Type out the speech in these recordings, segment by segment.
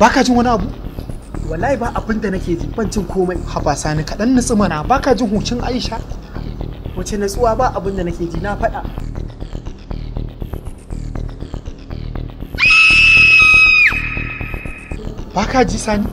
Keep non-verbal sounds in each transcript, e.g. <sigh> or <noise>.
baka jin wani abu wallahi ba abin da nake ji ban jin komai haba sani kadan nutsu mana baka jin hucin aisha wace natsuwa ba abin da nake ji na faɗa baka ji sani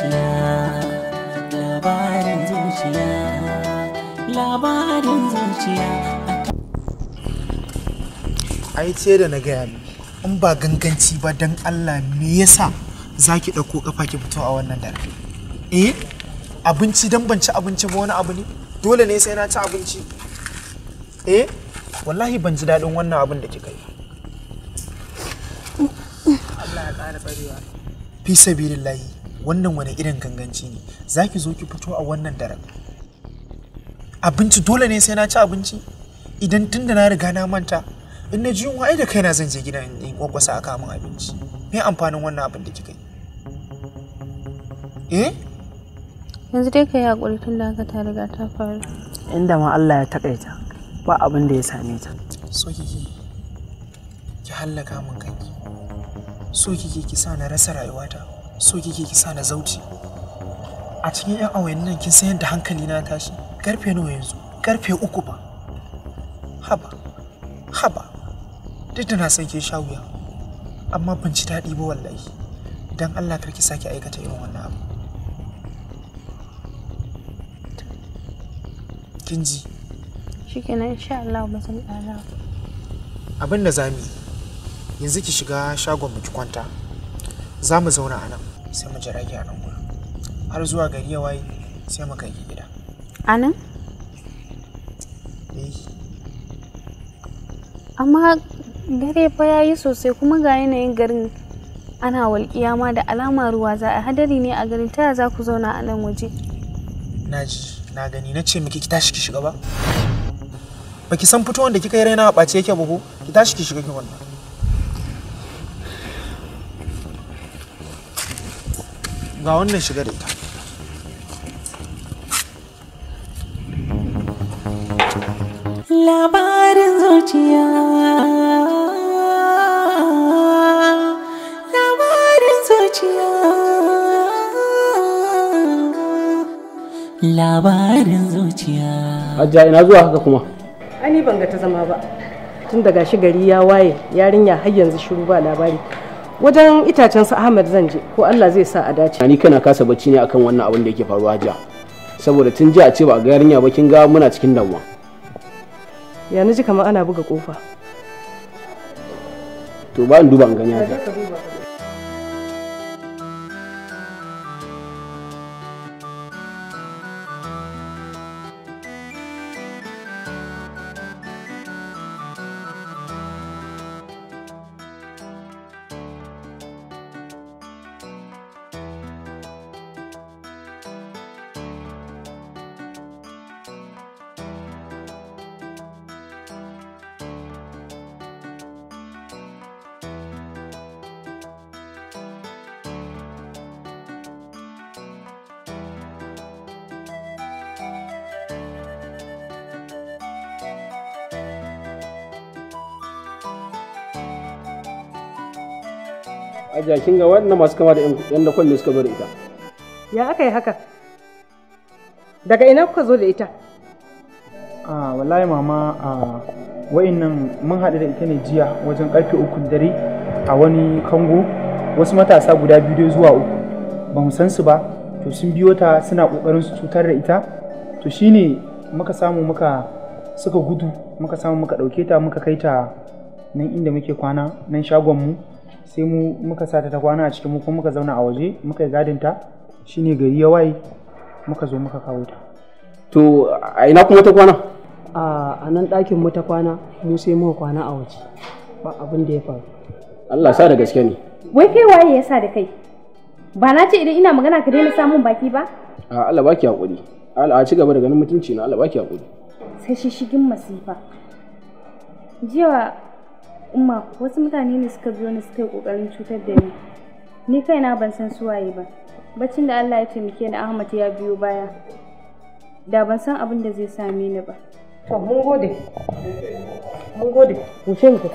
zuciya labarin zuciya labarin zuciya ai ce da na gaya ni in ba ganganci ba don allah me yasa za ki ɗauko kafa ki fito a wannan dare eh abinci don ban ci abinci ba wani abu ne dole ne sai na ci abinci eh wallahi ban ji daɗin wannan abin da kika yi mm, mm. Allah ya ƙara tsarewa fi sabilillahi wannan wani irin ganganci ne za ki zo ki fito a wannan daren abinci dole ne sai na ci abinci idan tun da na riga na manta in na ji yunwa ai da kaina zan je gidan in kwakwasa a kamun abinci me amfanin wannan abin da kika yi eh yanzu dai ka yi haƙuri tun da haka ta riga ta faru inda ma Allah ya takaita ba abin da ya same ta so kike ki hallaka mun kanki so kike ki sa na rasa rayuwata so kike ki na zauci a cikin yan awayin nan kin san yadda hankali na tashi karfe nawa yanzu karfe uku ba haba haba duk da na san ke sha wuya amma ban ci daɗi ba wallahi dan Allah kar ki sake aikata irin wannan abu kin ji shikenan insha Allah ba zan ƙara abin da zamu yanzu ki shiga shagon mu ki kwanta za mu zauna a nan sai mu jira ki a nan gurin har zuwa gari ya waye sai mu kai gida a nan eh. amma dare fa ya yi sosai kuma ga yanayin garin ana walƙiya ma da alama ruwa za a hadari ne a garin taya za ku zauna a nan waje na ji na gani na ce miki ki tashi ki shiga ba baki san fito wanda kika yi raina a ɓace yake buhu ki tashi ki shiga ki wannan ga wannan shigar da ita labarin zuciya labarin zuciya labarin zuciya hajja ina zuwa haka kuma ani ban ga ta zama ba tun daga shi gari ya waye yarinya har yanzu shiru ba labari wajen itacen su ahmad zan je ko allah zai sa a dace ni kana kasa bacci ne akan wannan abin da yake faruwa jiya saboda tun jiya ce ba ga yarinya ba kin ga muna cikin damuwa ya ji kamar ana buga kofa to ba in duba in gani haka a jakin ga wannan masu kama da yan da kwalle suka zo da ita. Ya aka yi haka? Daga ina kuka zo da ita? A wallahi mama a wa'innan mun haɗu da ita ne jiya wajen ƙarfe uku dare a wani kango wasu matasa guda biyu zuwa uku ba mu san su ba to sun biyo ta suna ƙoƙarin su cutar da ita to shine muka samu muka suka gudu muka samu muka ɗauke ta muka kai ta nan inda muke kwana nan shagon mu sai mu muka sata ta kwana a cikin mu kuma muka zauna a waje muka yi gadin ta shine gari ya waye muka zo muka kawo ta to a ina kuma ta kwana a nan ɗakin mu ta kwana mu sai muka kwana a waje ba abin da ya faru Allah sa da gaske ne wai kai waye ya sa da kai ba na ce idan ina magana ka daina samun baki ba a Allah baki hakuri Allah a ci gaba da ganin mutunci na Allah baki hakuri sai shigin masifa jiya umma wasu mutane ne suka biyo ni suka yi kokarin cutar da ni ni kaina ban san su waye ba baccin da Allah ya taimake ni Ahmad ya biyo baya da ban san abin da zai same ni ba to mun gode mun gode ce ku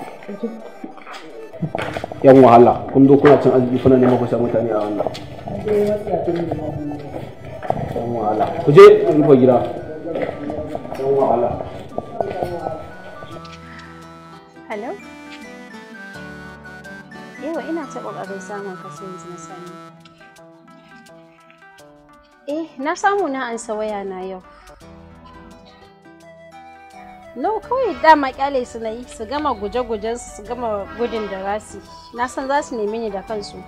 yan wahala kun zo kuna cin arziki kuna neman ku mutane a wannan yan wahala ku je rufe gida yan wahala hello Yawa ina ta ƙoƙarin samun kaso yanzu na sani. Eh, na samu na ansa waya na yau. No, kawai dama ƙyale su na yi su gama guje-gujen su gama gudun da su Na san za su nemi ni da kansu.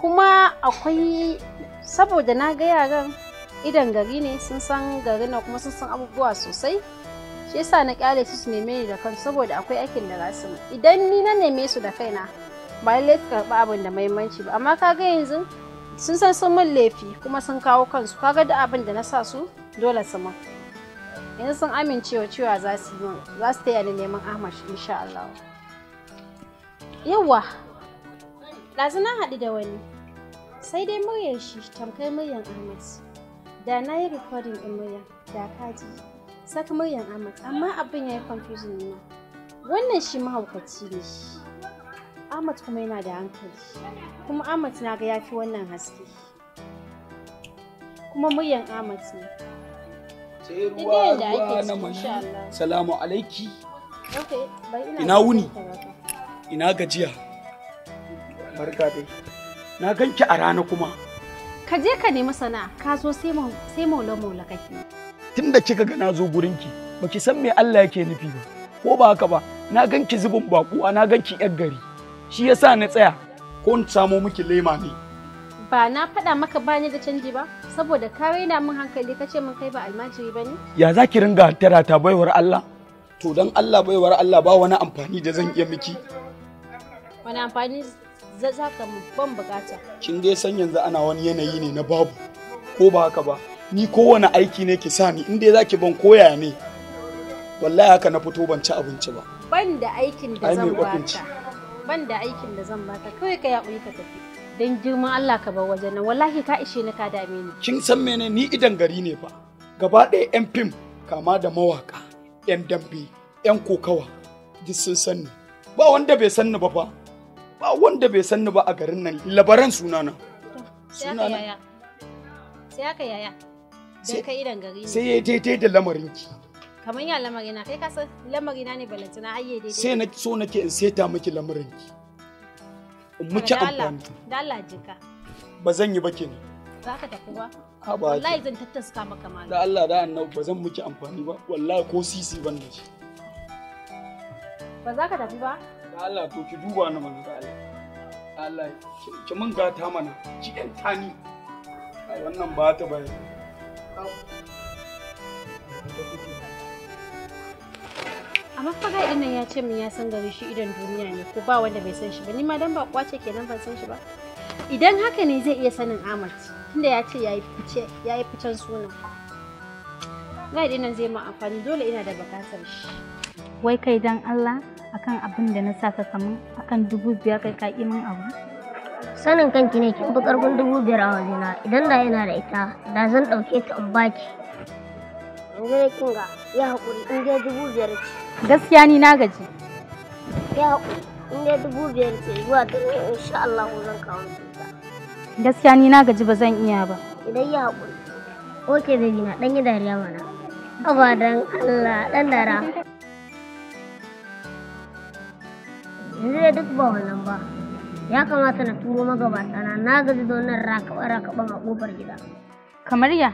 Kuma akwai saboda na ga yaran idan gari ne sun san gari na kuma sun san abubuwa sosai. Shi yasa na ƙyale su su nemi ni da kansu saboda akwai aikin da za su Idan ni na neme su da kaina, ba lallai su karɓi abin da mahimmanci ba amma ga yanzu sun san sun mun laifi kuma sun kawo kansu kaga da abin da na sa su dole su min yanzu sun amincewa cewa za su yi za su taya ni neman ahmad insha Allah yawa ɗazu na haɗu da wani sai dai muryar shi tamkar muryar ahmad da na yi recording ɗin muryar da kaji saka muryar ahmad amma abin ya yi confusing na wannan shi mahaukaci ne shi Ahmad kuma yana da hankali kuma Ahmad na ga yafi wannan haske kuma muryan Ahmad ne sai ruwa ruwa na mana salamu alaiki ina wuni ina gajiya barka dai na ganki a rana kuma ka je ka nemi sana'a ka zo sai maula maula kake tunda kika ga na zo gurinki baki san me Allah yake nufi ba ko ba haka ba na ganki zubin bakuwa na ganki yar gari shi yasa na tsaya ko in samo miki lema ne ba na faɗa maka ba ni da canji ba saboda ka raina min hankali ka ce min kai ba almajiri ba ne ya za ki ringa tara ta baiwar Allah to dan Allah baiwar Allah ba wani amfani da zan iya miki wani amfani za ka ban bukata kin dai san yanzu ana wani yanayi ne na babu ko ba haka ba ni kowane aiki ne ki sani in dai zaki ban koya ne wallahi haka na fito ban ci abinci ba ban da aikin da zan baka ban da aikin da zan baka kawai ka yaƙuri ka tafi don girman Allah ka bar wajen nan wallahi ka ishe ni ka dame ni kin san mene ni idan gari ne fa gaba ɗaya yan fim kama da mawaka yan dambe yan kokawa duk sun san ni ba wanda bai san ni ba fa ba wanda bai san ni ba a garin nan labaran sunana sunana sai aka yaya sai ka idan gari ne sai ya daidai da lamarin ki kamar ya lamari na kai ka san na ne balantana ayye daidai sai na so nake in seta miki lamarin ki in miki amfani da Allah jika ba zan yi ba za ka tafi ba wallahi zan tattaska maka malam da Allah da annabi ba zan miki amfani ba wallahi ko sisi ban da shi ba za ka tafi ba da Allah to ki duba ni manzo Allah Allah ki mun gata mana ki dan tani ai wannan ba ta bayani Thank you. amma faga idan nan ya ce min ya san gari shi idan duniya ne ko ba wanda bai san shi ba ni ma dan ba kwace kenan ban san shi ba idan haka ne zai iya sanin Ahmad tunda ya ce yayi fice yayi ficen suna ga idan nan zai ma amfani dole ina da bukatar shi wai kai dan Allah akan abin da na sa saka samu akan dubu biyar kai ka imin abu sanin kanki ne ki bi karfin dubu biyar a wajena idan da yana da ita da zan dauke ta in baki yanzu da kinga ya haƙuri in je dubu biyar ce gaskiya ni na gaji ya haƙuri in dai dubu biyar ce zuwa dare insha Allah zan kawo cuta. gaskiya ni na gaji ba zan iya ba idan ya haƙuri oke da na dan yi dariya mana aba dan Allah dan dara yanzu dai duk ba wannan ba ya kamata na turo magabata na gaji da wannan raka rakaba a kofar gida kamar ya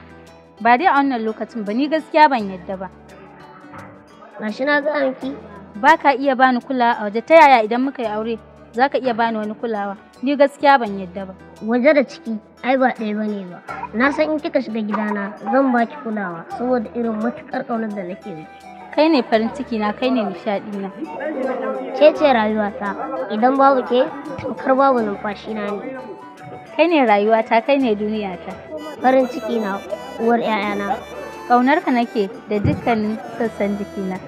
ba dai a wannan lokacin ba ni gaskiya ban yadda ba gashi na ga miki ba ka iya bani kulawa a waje ta yaya idan muka yi aure za ka iya bani wani kulawa ni gaskiya ban yadda ba waje da ciki ai ba ɗaya ba ne ba na san in kika shiga gidana zan baki kulawa saboda irin matuƙar ƙaunar da nake da kai ne farin ciki na kai ne nishaɗi na ke ce rayuwata idan babu ke tamkar babu numfashi na ne kai ne rayuwata kai ne duniyata farin ciki na uwar 'ya'yana. Ƙaunarka nake da dukkanin sassan jikina.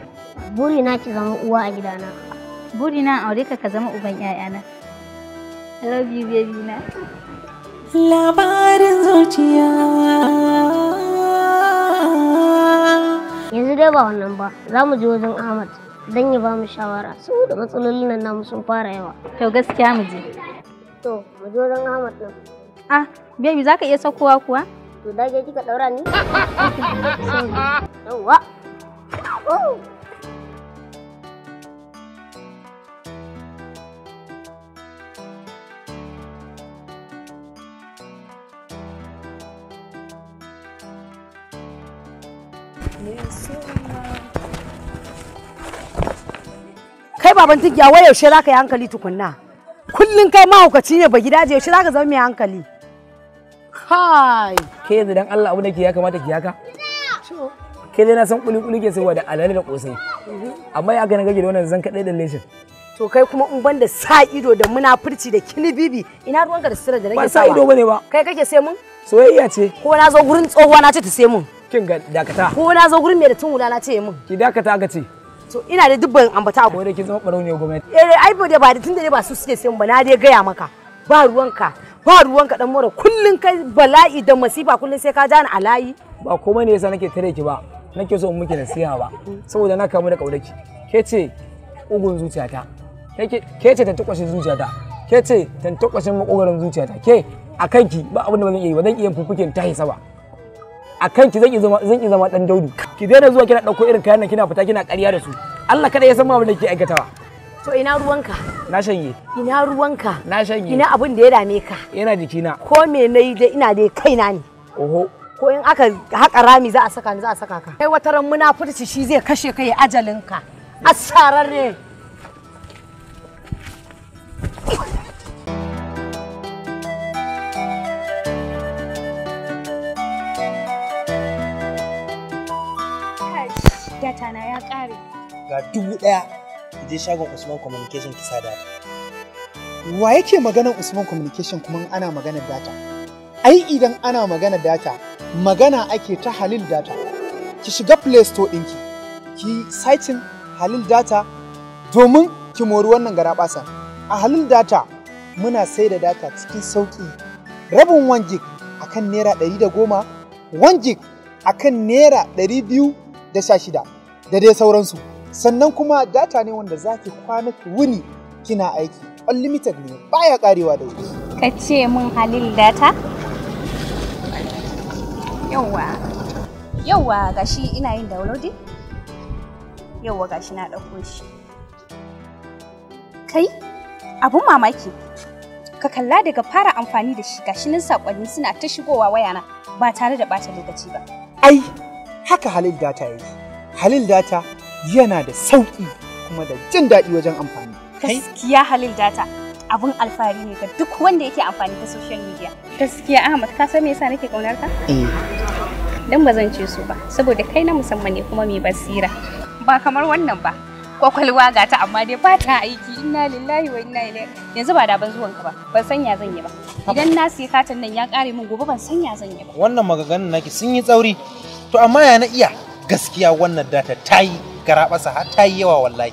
Burina ki zama uwa a gidana. Burina aure ka ka zama uban 'ya'yana. I love you baby na. Labarin zuciya. Yanzu dai ba wannan ba, za mu je wajen Ahmad don ya ba mu shawara saboda matsalolin nan namu sun fara yawa. To gaskiya mu je. To, mu je wajen Ahmad nan. Ah, baby za ka iya saukowa kuwa? To da ke kika daura ni? Kai baban tigiya wai yaushe za ka yi hankali tukunna? Kullum kai mahaukaci ne ba gida yaushe za ka zama mai hankali? kai ke yanzu dan Allah abin da ke ya kamata ki haka ke dai na san kuli kuli ke sai da alale da kosai mm-hmm. amma ya ga na gage da wannan zan kadai da leshin to kai kuma in banda sa ido da munafurci da kinibibi ina ruwanka da sirra da nake sawa ba sa ido bane ba kai kake sai mun soyayya ce ko na zo gurin tsohuwa na ce ta sai mun kin ga dakata ko na zo gurin mai da tunula na ce mun ki dakata ga ce to ina da dubban ambata ko da ki zama barau ne gwamnati eh ai ba da ba tun da ba su suke sai mun ba na dai gaya maka ba ka. ba ruwan ka dan mura kullun kai bala'i da masifa kullun sai ka jani a layi ba komai ne yasa nake tare ki ba nake so muke nasiha ba saboda na kamu da kaudaki ke ce ugun zuciyata ke ce tantakwashin zuciyata ke ce tantakwashin makogarin zuciyata ke a kanki ba abin da ba zan iya ba zan iya fufukin ta hisa ba a kanki zan iya zama zan iya zama dan daudu ki daina zuwa kina dauko irin kayan nan kina fita kina ƙarya da su Allah kada ya san ma abin da ke aikatawa To ina ruwanka? Na shanye. Ina ruwanka? Na shanye. Ina abin da ya dame ka? Yana jikina. Ko me na yi dai ina dai kaina ne. Oho. Ko in aka haƙa rami za a saka ni za a saka ka. Kai wata ran munafurci shi zai kashe kai ya ka Asarar ne. na ya kare Ga dubu ɗaya ki je shagon Usman Communication ki sa data. Wa yake maganar Usman Communication kuma ana maganar data? Ai idan ana maganar data, magana ake ta Halil data. Ki shiga Play Store ɗinki, ki saitin Halil data domin ki mori wannan garaɓasa. A Halil data muna sai da data cikin sauƙi. Rabin 1 gig a kan Naira 110, 1 gig a kan Naira 200 da sha shida da dai sauransu. sannan kuma data ne wanda zaki kwana wuni kina aiki unlimited ne baya karewa da wuri ka ce mun halil data yawa yawa gashi ina yin downloading yawa gashi na ɗauko shi kai abun mamaki ka kalla daga fara amfani da shi gashi nan sakonni suna ta shigowa wayana ba tare da bata lokaci ba ai haka halil data yake halil data yana da sauƙi kuma da jin daɗi wajen amfani. Gaskiya Halil Data abun alfahari ne ga duk wanda yake amfani da social media. Gaskiya Ahmad ka san me yasa nake kaunar ka? Eh. Dan ba zan ce su ba saboda kai na musamman ne kuma mai basira. Ba kamar wannan ba. Kwakwalwa ga ta amma dai ba ta aiki inna lillahi wa inna ilaihi yanzu ba da ban zuwan ka ba ban san zan yi ba idan na siya katin nan ya kare min gobe ban san ya zan yi ba wannan magaganin naki sun yi tsauri to amma ya na iya gaskiya wannan data ta yi garaɓasa har ta yi yawa wallahi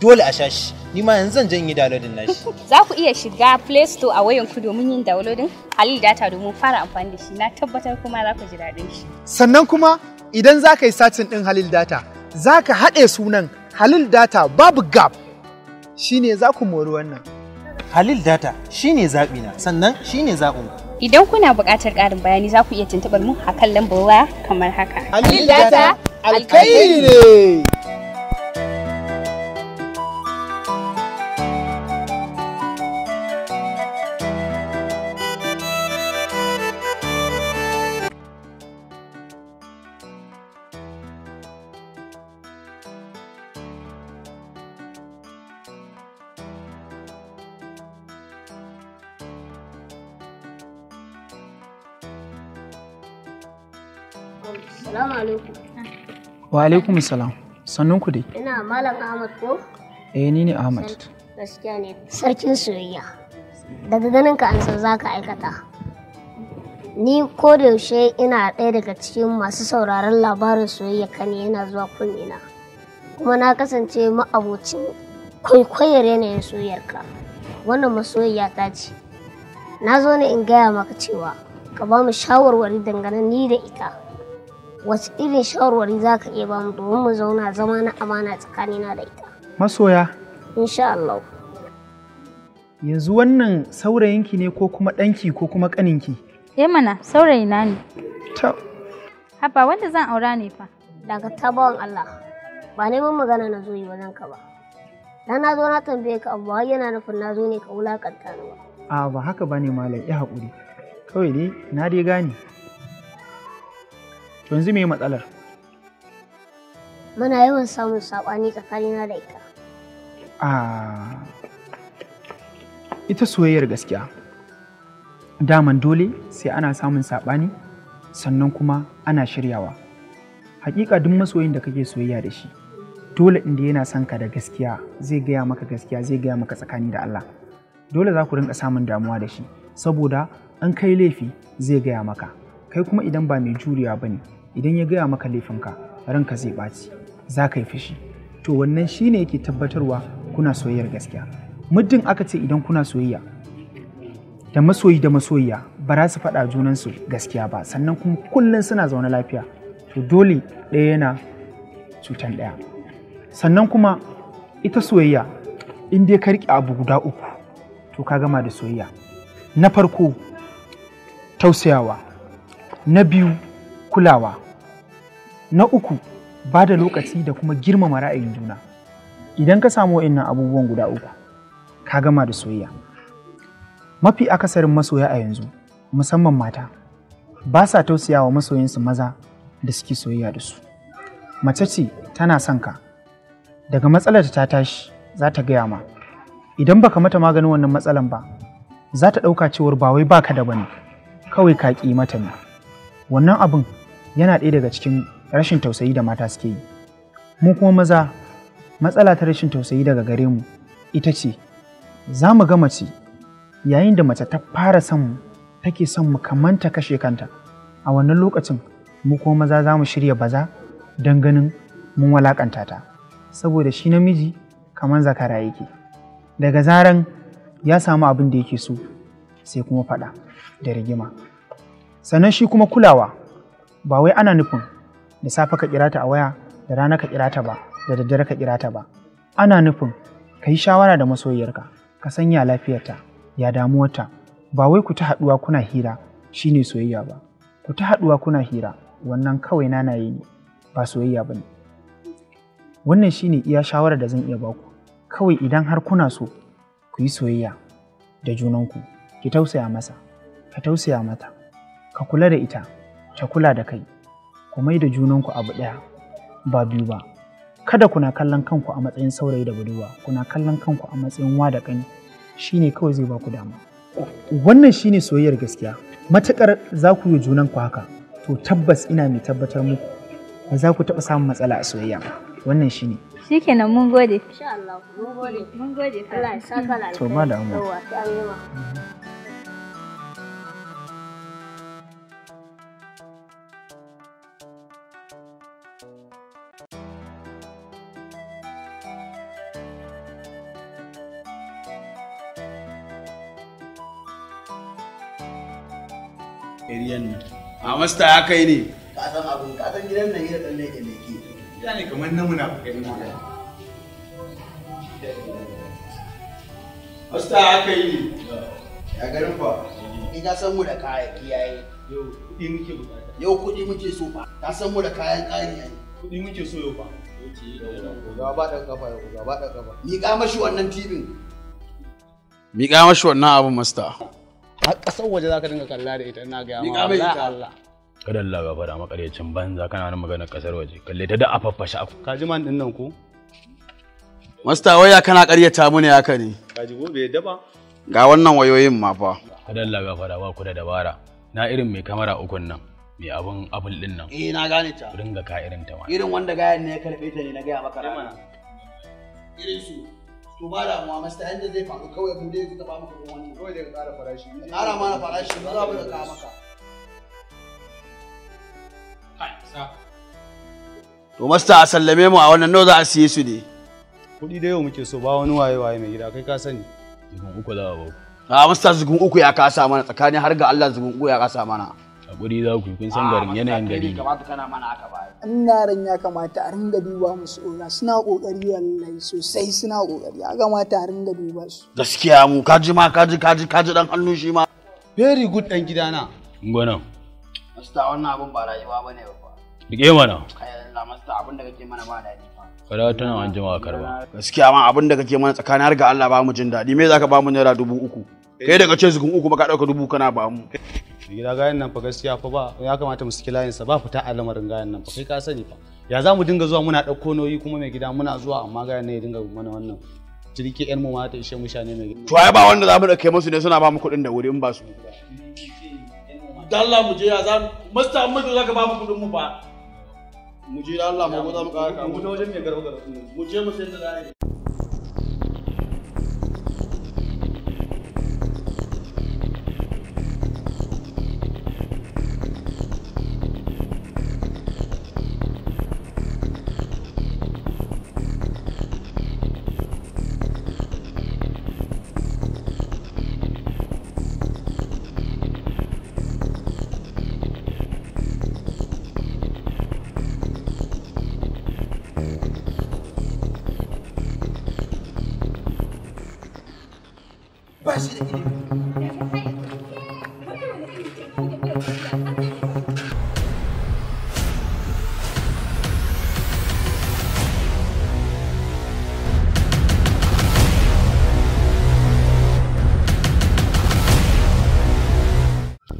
dole a shashi ni ma yanzu zan yi downloading nashi <laughs> za ku iya shiga play store a wayan ku domin yin downloading halil data domin fara amfani da shi na tabbatar kuma za ku ji daɗin shi sannan kuma idan za ka yi satin ɗin halil data za ka haɗe sunan halil data babu gap shine za ku mori wannan halil data shine zaɓina sannan shine zaɓinku Idan kuna buƙatar ƙarin bayani za ku iya tuntuɓar mu a kan lambar waya kamar haka. Alil Data alkai ne. Salamu alaikum. Wa alaikum salam. Sannun ku Ina Malam Ahmad ko? Eh ni ne Ahmad. Sarkin soyayya. Daga ganin ka an san zaka aikata. Ni ko da yaushe ina ɗaya daga cikin masu sauraron labarin soyayya ka yana zuwa kunnina. Kuma na kasance ma'abocin kwaikwayar yanayin soyayyarka. Wannan soyayya ta ce. Na zo ne in gaya maka cewa ka ba mu shawarwari dangane ni da ita. wasu irin shawarwari za ka iya bamu domin mu zauna zama na amana tsakani na da ita. Masoya. Insha Allah. Yanzu wannan saurayinki ne ko kuma ɗanki ko kuma ƙaninki? Eh mana saurayina ne. Ta. Haba wanda zan aura ne fa. Daga tabawan Allah. Ba neman magana na zo yi wajen ka ba. Na na zo na tambaye ka abu yana nufin na zo ne ka wulakanta ni ba. A ba haka bane malam ya haƙuri. Kawai dai na dai gane. To mai matsalar? Muna yawan samun saɓani tsakanina da ita. Ah. Ita soyayyar gaskiya. Daman dole sai ana samun saɓani sannan kuma ana shiryawa. Hakika duk masoyin da kake soyayya da shi, dole inda yana son ka da gaskiya zai gaya maka gaskiya zai gaya maka tsakani da Allah. Dole za ku rinka samun damuwa da shi, saboda an kai laifi zai gaya maka, kai kuma idan ba mai juriya ba ne idan ya gaya maka laifinka ranka zai ɓaci za ka yi fushi to wannan shi ne yake tabbatarwa kuna soyayyar gaskiya muddin aka ce idan kuna soyayya da masoyi da masoyiya ba za su faɗa junansu gaskiya ba sannan kuma kullum suna zaune lafiya to dole ɗaya yana cutan ɗaya sannan kuma ita soyayya in dai ka riƙe abu guda uku to ka gama da soyayya na farko tausayawa na biyu kulawa Na uku, ba da lokaci da kuma girmama ra'ayin juna. Idan ka samu wa'innan abubuwan guda uku, ka gama da soyayya. Mafi akasarin masoya a yanzu, musamman mata, ba sa tausayawa masoyansu maza da suke soyayya da su. Mace ce tana son ka, daga matsalar ta tashi za ta gaya ma. Idan baka mata maganin wannan matsalan ba, za ta ɗauka cewar ba wai baka da bane, kawai ka ƙi mata ne. Wannan abin yana ɗaya daga cikin rashin tausayi da mata suke yi mu kuma maza matsala ta rashin tausayi daga gare mu ita ce za mu ga mace yayin da mace ta fara son mu take son mu kamar ta kashe kanta a wannan lokacin mu kuma maza za mu shirya baza don ganin mun walakanta ta saboda shi namiji kamar zakara yake daga zaran ya samu abin da yake so sai kuma faɗa da rigima sannan shi kuma kulawa ba wai ana nufin da safe ka kira ta a waya da rana ka kira ta ba da daddare ka kira ta ba ana nufin ka yi shawara da masoyiyarka ka sanya lafiyarta ya damuwarta ba wai ku ta haduwa kuna hira shine soyayya ba ku ta haduwa kuna hira wannan kawai yi ne ba soyayya ba ne wannan shine iya shawara da zan iya baku kawai idan har kuna so ku yi soyayya da junanku ki tausaya masa ka tausaya mata ka kula da ita ta kula da kai ku mai da junanku abu ɗaya ba biyu ba kada kuna kallon kanku a matsayin saurayi da budurwa kuna kallon kanku a matsayin wa da ƙani shine kawai zai baku dama wannan shine soyayyar gaskiya matukar za ku yi junanku haka to tabbas ina mai tabbatar muku ba za ku taɓa samun matsala a soyayya ba wannan shine shikenan mun gode insha Allah mun gode mun gode Allah ya saka lafiya to area nan a masta ya kai ne ka san abun ka san gidan nan gidan dan ke leke Ya ne kamar na munafukai ma masta ya kai ne ya garin fa ni ka san mu da kayan kiyaye yau kuɗi muke bukata yau kuɗi muke so fa ka san mu da kayan kayan yayi kuɗi muke so yau fa gaba da kafa yau gaba da kafa miƙa mashi wannan tibin miƙa mashi wannan abun masta a ƙasar waje za ka dinga kalla da ita ina gaya ma Allah kada Allah ga fara makaryacin banza kana nan maganar ƙasar waje kalle ta da a faffashe aku ka ji man din nan ko Masta waya kana ƙaryata mu ne haka ne ka ji gobe daba ga wannan wayoyin ma fa kada Allah ga fara ba ku da dabara na irin mai kamera ukun nan mai abun abul din nan eh na gane ta ringa ka irin ta irin wanda gayan ne ya karbe ta ne na gaya maka irin su to ba damuwa masu ta yadda zai faru kawai mu dai ta ba maka wani kawai dai ka ƙara farashi ka ƙara mana farashi mu za mu ka maka to masta a sallame mu a wannan noza a siye su ne kuɗi da yau muke so ba wani waye waye mai gida kai ka sani zugun uku da a bau a ah, masta zugun uku ya kasa mana tsakanin har ga Allah zugun uku ya kasa mana a guri za ku kun san garin yanayin gari ne ina ran ya kamata a ringa duba musu ora suna kokari wallahi sosai suna kokari ya kamata a ringa duba su gaskiya mu kaji ma kaji kaji kaji dan hannu shi ma very good dan gidana Ngwana. masta wannan abun ba rayuwa bane ba Dike mana. Allah masta abin da kake mana ba daɗi Kada tana an jama'a karba. Gaskiya ma abin da kake mana tsakanin har ga Allah ba mu jin daɗi me zaka ba mu naira dubu uku. kai daga ce sukun uku ka dauka dubu kana ba mu gida gayan nan fa gaskiya fa ba ya kamata mu saki layin sa ba fita a lamarin gayan nan fa kai ka sani fa ya za mu dinga zuwa muna dauko noyi kuma mai gida muna zuwa amma gayan ne ya dinga mana wannan jirki yan mu ma ishe mu shane mai gida to ai ba wanda za mu dauke musu ne suna ba mu kuɗin da wuri in ba su da Allah mu je ya za mu za ka zaka ba mu kuɗin mu ba mu je da Allah mu go za mu ka mu ta wajen mai garba garba mu je mu sai da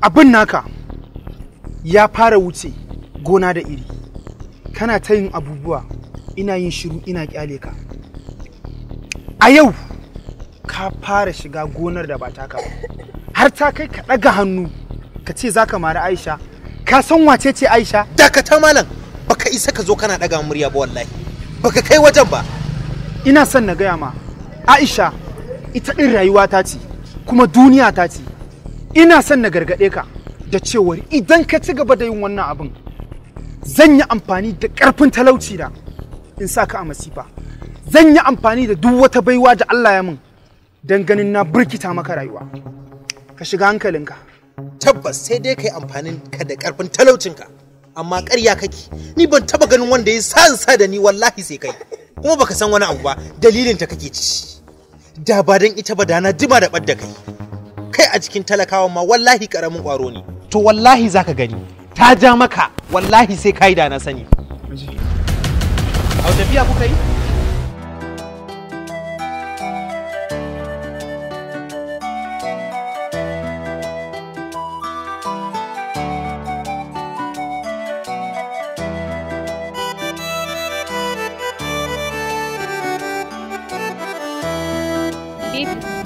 abin naka ya fara wuce gona da iri kana ta yin abubuwa ina yin shiru ina kyale ka a yau ka fara shiga gonar da ba taka ba har ta kai ka ɗaga hannu ka ce za ka mari aisha ka san wace ce aisha dakata malam baka isa ka zo kana ɗaga murya ba wallahi baka kai wajen ba ina son na gaya ma aisha ita ɗin rayuwa ta ce kuma duniya ta ce ina son na gargaɗe ka da cewar idan ka ci gaba da yin wannan abin zan yi amfani da ƙarfin talauci da in sa ka a masifa zan yi amfani da duk wata baiwa da Allah ya min don ganin na birkita maka rayuwa ka shiga hankalinka tabbas sai dai kai amfani ka da ƙarfin talaucinka amma ƙarya kake ni ban taba ganin wanda ya sa sa da ni wallahi sai kai kuma baka san wani abu ba dalilin ta kake ci da ba dan ita ba da na jima da ɓadda kai kai a cikin talakawan ma wallahi karamin kwaro ne to wallahi zaka gani ta ja maka wallahi sai kai da na sani au tafiya kuka yi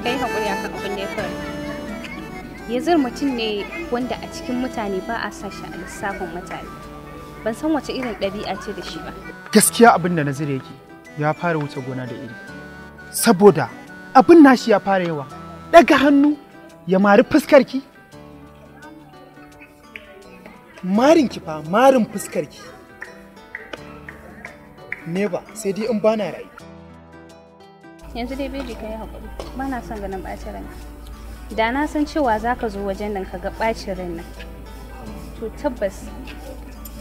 kai haƙuri akan abin da ya faru yanzu mutum ne wanda a cikin mutane ba a sa shi a lissafin mutane ban san wace irin ɗabi'a ce da shi ba gaskiya abin da nazir yake ya fara wuce gona da iri saboda abin nashi ya fara yawa daga hannu ya mari fuskarki marin ki fa marin fuskarki ne ba sai dai in bana rai yanzu dai bai ka yi haƙuri ba na son ganin ɓacin ranki da na san cewa za ka zo wajen nan ka ga ɓacin ran nan to tabbas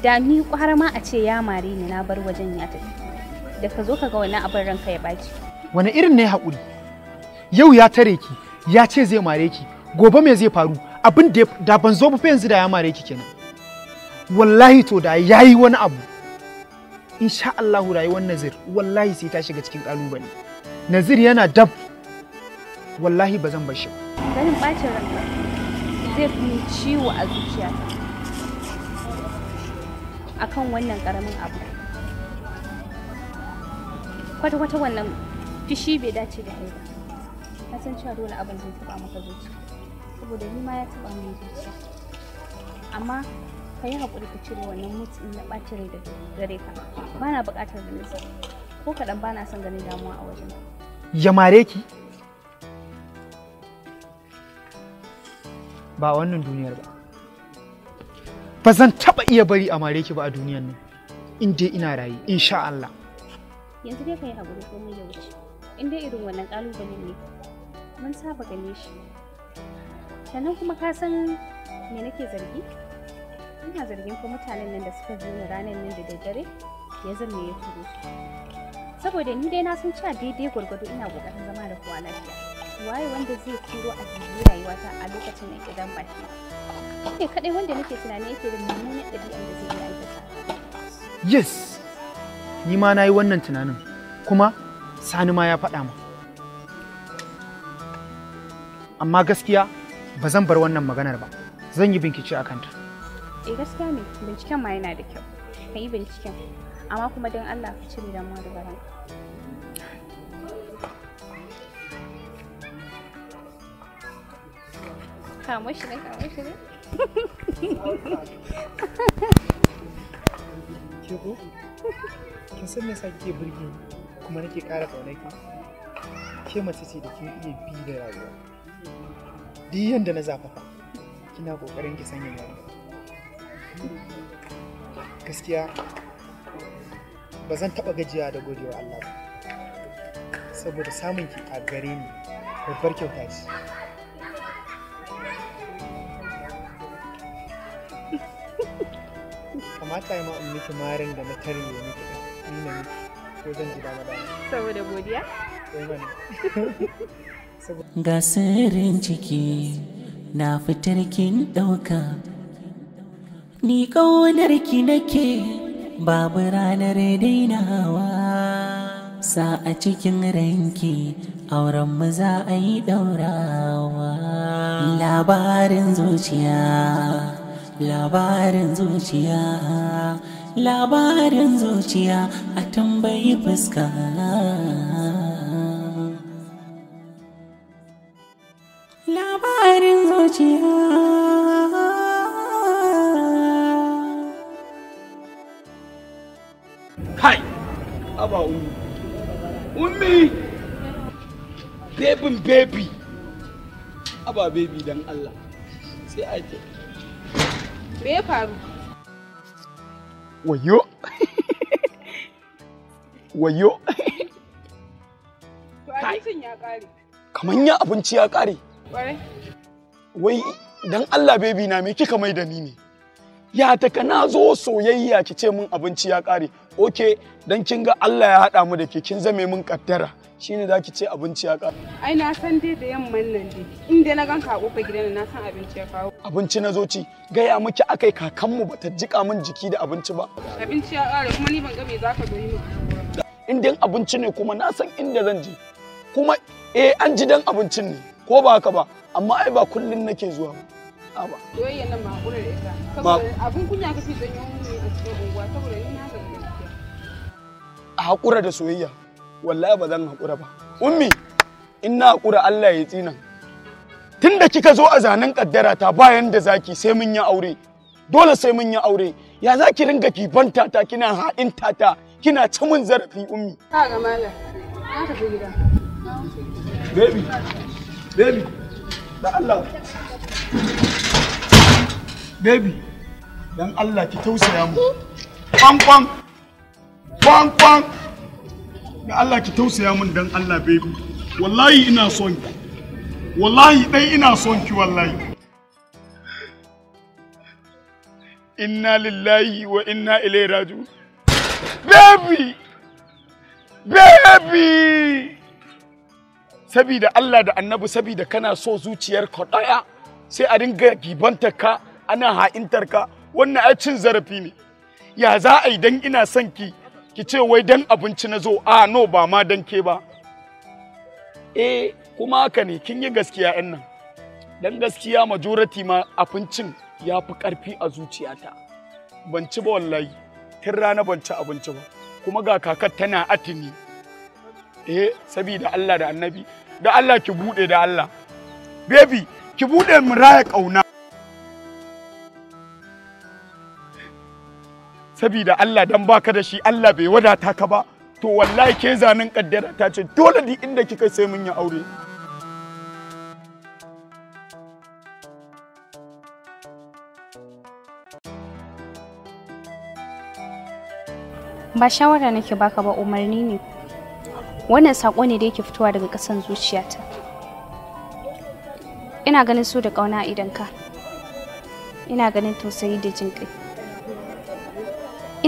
da ni kwara ma a ce ya mare ni na bar wajen ya tafi da ka zo ka ga wani abin ranka ya ɓaci wani irin ne haƙuri yau ya tare ki ya ce zai mare ki gobe me zai faru abin da ban zo fa yanzu da ya mare ki kenan wallahi to da ya yi wani abu insha Allah rayuwar Nazir wallahi sai ta shiga cikin kalubale Nazir yana dab wallahi ba zan bar shi ba ganin ɓacin ranka zai fi min ciwo a zuciyata akan wannan ƙaramin abu kwata-kwata wannan fishi bai dace da kai ba na san cewa dole abin zai taɓa maka zuciya saboda ni ma ya taɓa min zuciya amma ka yi haƙuri ka cire wannan mutu na ɓacin da gare ka ba na buƙatar ganin sa ko kaɗan ba na son ganin damuwa a wajen ya mare ki ba wannan duniyar ba ba zan taba iya bari a mare ki ba a duniyar nan in dai ina rayu insha Allah yanzu dai kai hakuri komai ya wuce in dai irin wannan kalubale ne mun saba gane shi sannan kuma ka san me nake zargi ina zargin ko mutanen nan da suka zo ranar nan da daddare ya zama ya turo saboda ni dai na san cewa daidai gwargwado ina kokarin zama da kowa lafiya waye wanda zai turo a jirgin rayuwata a lokacin nan idan ba shi ne kadai wanda nake tunanin yake da mummunan ɗabi'ar da zai yi aikata yes ni ma na yi wannan tunanin kuma sani ma ya faɗa ma amma gaskiya ba zan bar wannan maganar ba zan yi bincike a kanta eh gaskiya ne binciken ma yana da kyau ka yi binciken amma kuma don allah ka cire damuwa da baran kamo shi ne kamo shi ne ke ko kin san me yasa kike burge ni kuma nake ƙara ƙaunar ki ke mace ce da kin iya bi da rayuwa duk yanda na zafafa kina ƙoƙarin ki sanya rayuwa gaskiya ba zan taɓa gajiya da godewa Allah ba saboda samun ki a gare ni babbar kyauta ce kamata ya ma in miki marin da na ya ne miki da ni ne ko zan ji dama dama saboda godiya ga sirrin ciki na fitar kin dauka ni ƙaunar ki nake babu ranar dainawa sa a cikin ranki auren mu za a yi daurawa labarin zuciya labarin zuciya labarin zuciya a tambayi fuska labarin zuciya kai aba ummi ummi baby aba baby dan allah sai a Me ya faru? Wayo! Wayo! abincin ya ƙare. ya abinci ya ƙare. Wai don Allah bebi na me kika mai da ni ne? ya taka na zo soyayya ki ce min abinci ya ƙare ok dan kin ga Allah ya haɗa mu da ke kin zame min kaddara shine za ki ce abinci ya ƙare ai na san dai da yamman nan dai inda na ganka a kofar gidan na san abinci ya kawo abinci na zo ci gaya miki akai kakanmu bata jika min jiki da abinci ba abinci ya ƙare kuma ni ban ga me za ka yi mu. in dan abinci ne kuma na san inda zan je kuma eh an ji dan abincin ne ko ba haka ba amma ai ba kullun nake zuwa ba a cikin hakura da soyayya. Wallahi ba zan hakura ba. Ummi in na hakura Allah ya tsina. Tunda kika zo a zanen kaddara ta bayan da zaki sai mun yi aure. Dole sai mun yi aure. Ya za ki ringa kibanta ta kina haɗin tata kina ci mun zarafi ummi. Ka ga malam. Baby. Baby. Da Allah. Baby, dan Allah ki tausaya mu. Kwankwan, kwankwan. Da Allah ki tausaya mun dan Allah baby. Wallahi ina son ki. Wallahi dai ina son ki wallahi. Inna lillahi wa inna ilai raju. Baby! Baby! Sabida Allah da annabi sabida kana so zuciyar ka ɗaya sai a dinga gibantar ka ana ha'intar ka wannan ai cin zarafi ne ya za a yi dan ina son ki ki ce wai dan abinci na zo a ah, no ba ma dan ke ba E, kuma haka ne kin yi gaskiya yan nan dan gaskiya majority ma abincin ya fi karfi a zuciyata ban ci ba wallahi tun rana ban ci abinci ba kuma ga kakar tana atini eh sabida Allah da annabi da Allah ki bude da Allah baby ki bude mu raya kauna saboda Allah dan baka da shi Allah bai wadata ka ba to wallahi ke zanen kaddara ta ce dole di inda kika sai mun yi aure ba shawara nake baka ba umarni ne wannan sako ne da yake fitowa daga kasan zuciyata ina ganin su da ƙauna idan ka ina ganin tausayi da jin ƙai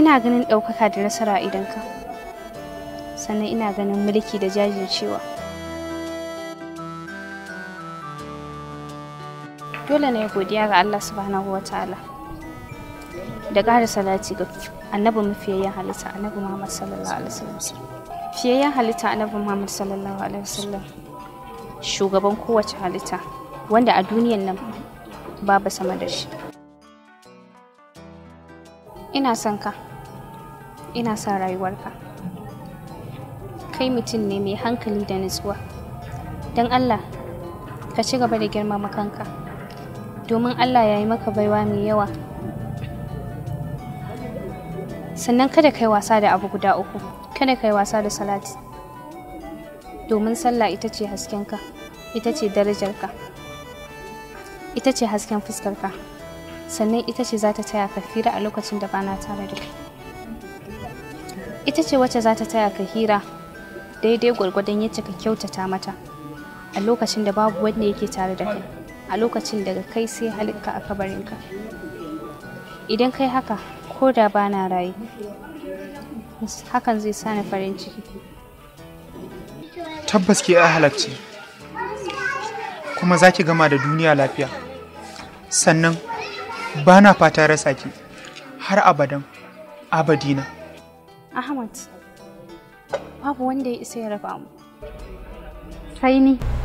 ina ganin ɗaukaka da nasara a idanka sannan ina ganin mulki da jajircewa dole ne godiya ga Allah subhanahu wa ta'ala da ƙara salati ga annabi mafiyayyen halitta annabi Muhammad sallallahu alaihi wasallam fiyayyen halitta annabi Muhammad sallallahu alaihi wasallam shugaban kowace halitta wanda a duniyan nan babu sama da shi ina son ka ina sa rayuwarka kai mutum ne mai hankali da nutsuwa don allah ka ci gaba da girmama kanka domin allah ya yi maka baiwa mai yawa sannan kada kai wasa da abu guda uku kada kai wasa da salati domin sallah ita ce haskenka ita ce darajarka ita ce hasken fuskarka sannan ita ce za ta taya ka fira a lokacin da bana tare da kai ita ce wacce za ta taya ka hira daidai gwargwadon yacce ka kyautata mata a lokacin da babu wanda yake tare da kai a lokacin daga kai sai halitta a kabarinka idan kai haka ko da ba na raye hakan zai sa ni farin ciki tabbas ke a halarci kuma za ki gama da duniya lafiya sannan ba na fata rasa ki har abadan abadina Ahmad, babu wanda ya isa ya raba mu. Sai ni.